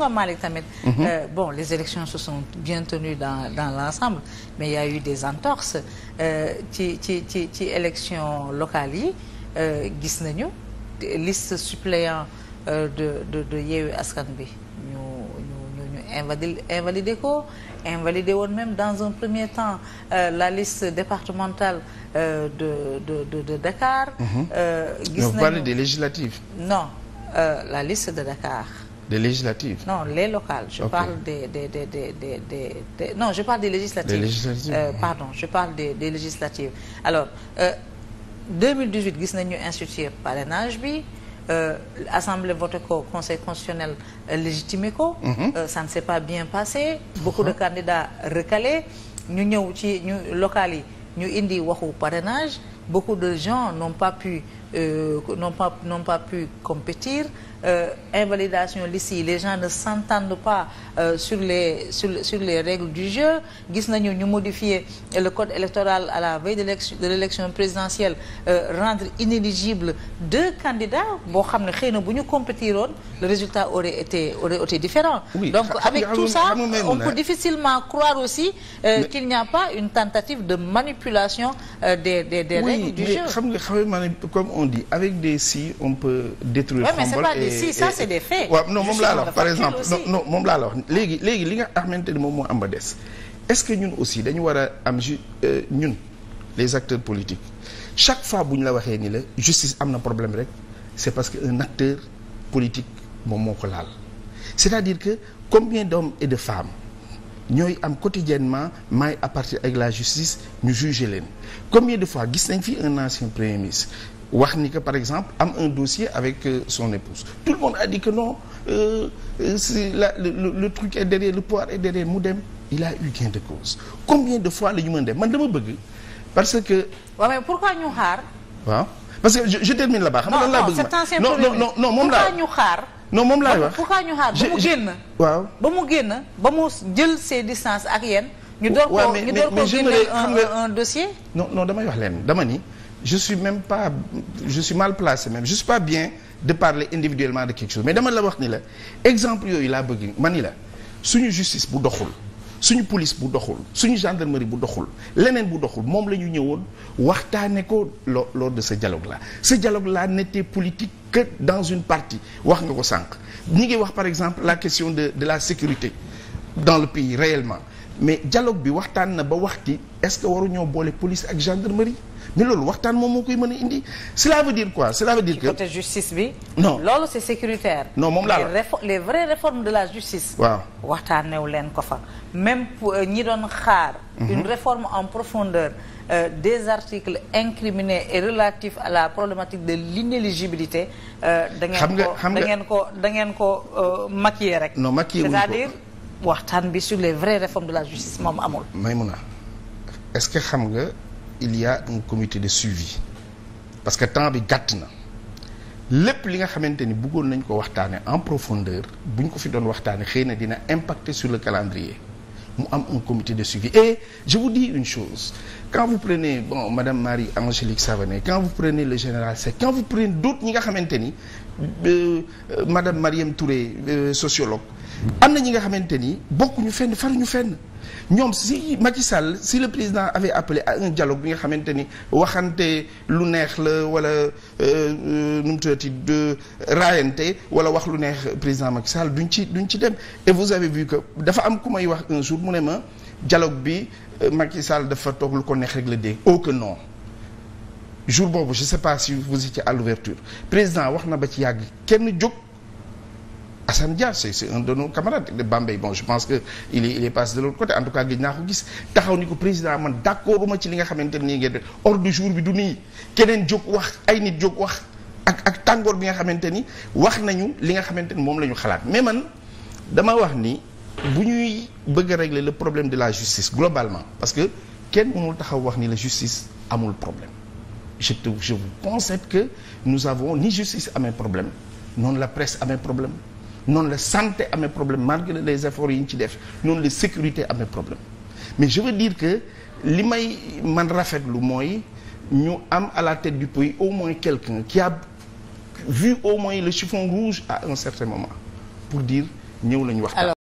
nga Malick tamit. bon les élections se sont bien tenues dans dans l'ensemble mais il y a eu des entorses eh, ci ci ci ci élections locales yi eh, gis nañu liste suppléant eh, de de de Yewwi Askan bi ñu ñu ko invalidé woon même dans un premier temps la liste départementale de de de de Dakar. Mmh. gis nañu mais vous non la liste de Dakar. Des législatives Non, les locales. Je okay. de de des, des, des, des, Non, je parle des législatives. Des législatives. Euh, pardon, je parle des, législatives. Alors, euh, 2018, gis nañu instituer parrainage bi. Euh, assemblée voté ko conseil constitutionnel euh, légitimé ko. Mm -hmm. ça ne s'est pas bien passé. Mhm. beaucoup mm -hmm. de candidats recalés. ñu ñëw ci ñu locales yi ñu indi waxu parrainage. beaucoup de gens n'ont pas pu euh, n'ont pas n'ont pas pu compétir euh, invalidation liste les gens ne s'entendent pas euh, sur les sur sur les règles du jeu gis nañu ñu modifier le code électoral à la veille de l'élection présidentielle euh, rendre inéligible deux candidats boo xam ne xëy na bu ñu compétiroon le résultat aurait été aurait été différent oui, donc avec tout ça on peut difficilement croire aussi euh, qu'il n'y a pas une tentative de manipulation des des des règles xam nga xam nga comme on dit avec des si on peut détruire ouais, mais c'est moom laa la wax par exemple non moom laa la wax léegi léegi li nga xamante ni moom moo am ba des est-ce que ñun aussi dañu war a am ju euh, ñun les acteurs politiques chaque fois bu ñu la waxee ni la justice am na problème rek c'est parce que un acteur politique moom moo ko laal c'est-à-dire que combien d'hommes et de femmes ñooy am quotidiennement maay à partir avec la justice ñu juger leen combien de fois gis nañ fi un ancien premier ministre wax ni que par exemple am un dossier avec euh, son épouse tout le monde a dit que non euh, euh, la le, le, le truc est derrière le pouvoir est derrière mu dem il a eu gain de cause combien de fois la ñu mën dem man dama bëgg parce que. waaw mais pourquoi ñu xaar. waaw parce que je, je termine là-bas. xam nga lan laa bëgg non non non moom laa. ñu xaar. non moom laay wax pourquoi ñu xaar ba mu génn. waaw ba mu génn ba mu jël ses distances ak yéen. ñu door ko ñu door ko génneel un dossier. non non damay wax leen dama ni je suis même pas je suis mal placé même je suis pas bien de parler individuellement de quelque chose mais dama la wax ni la exemple yooyu laa bëgg man ni la suñu justice bu doxul. suñu police bu doxul suñu gendarmerie bu doxul leneen bu doxul moom la ñu ñëwoon waxtaane ko lors de ce dialogue la ce dialogue laa n'était politique que dans une partie wax nga ko sànq ñi ngi wax par exemple la question de de la sécurité dans le pays réellement mais dialogue bi waxtaan na ba wax ci est-ce que waruñoo boole police ak gendarmerie mais loolu waxtaan moom moo koy mën a indi cela veut dire quoi cela veut dire que côté justice bi. non loolu c'est sécuritaire. non moom laa la les vraies réformes de la justice. waaw waxtaanewu leen ko fa. même euh, ñi doon xaar. Mhm. une réforme en profondeur euh, des articles incriminés à la problématique de l'inéligibilité. Euh, xam nga xam nga da ngeen ko da ngeen ko da euh, ngeen rek. non maquiller wuñ dire waxtaan bi sur les vraies réformes de la justice moom amul. Maïmouna est-ce que xam nga il y a un comité de suivi parce que temps bi gàtt na lépp li nga xamante ni bëggoon nañ ko waxtaanee en profondeur bu ñu ko fi doon waxtaanee xëy na dina impacter sur le calendrier mu am un comité de suivi et je vous dis une chose quand vous prenez bon madame Marie Angélique Savané quand vous prenez le général Seck quand vous prenez d'autres ñi nga xamante ni euh, euh, madame Mariam Touré euh, sociologue. am na ñi nga xamante ni bokkuñu fenn faruñu fenn ñoom si Macky Sall si le président avait appelé à un dialogue bi nga xamante ni waxante lu neex la wala euh, euh, nu mu tuddati de raayante wala wax lu neex président Macky Sall duñ ci duñ ci dem et vous avez vu que dafa am ku may wax un jour mu ne ma dialogue bi euh, Macky Sall dafa toog lu ko neex rek la dégg oh que non jour boobu je sais pas si ci étiez à président wax na ba ci yàgg kenn jóg Assane Dia c'est c'est un de nos camarades de Bambey bon je pense que il est il est passé de l'autre côté en tout cas gis naa ko gis taxaw ni ko président man d'accord uma ci li nga xamante nii wax ak ak tàngoor bi nga xamante ni wax nañu li nga xamante ni moom la ñu xalaat mais man dama wax ni bu ñuy bëgg a régler le problème de la justice globalement parce que kenn mënul taxaw wax ni la justice amul problème je te je vous concède que nous avons ni justice amee problème noonu la presse amee problème noonu la santé amee problème malgré les efforts yi ñu ci def noonu la sécurité amee problème mais je veux dire que li may man rafetlu mooy ñu am à la tête du pays au moins quelqu'un qui a vu au moins le chiffon rouge à un certain moment pour dire ñëw lañu waxtaan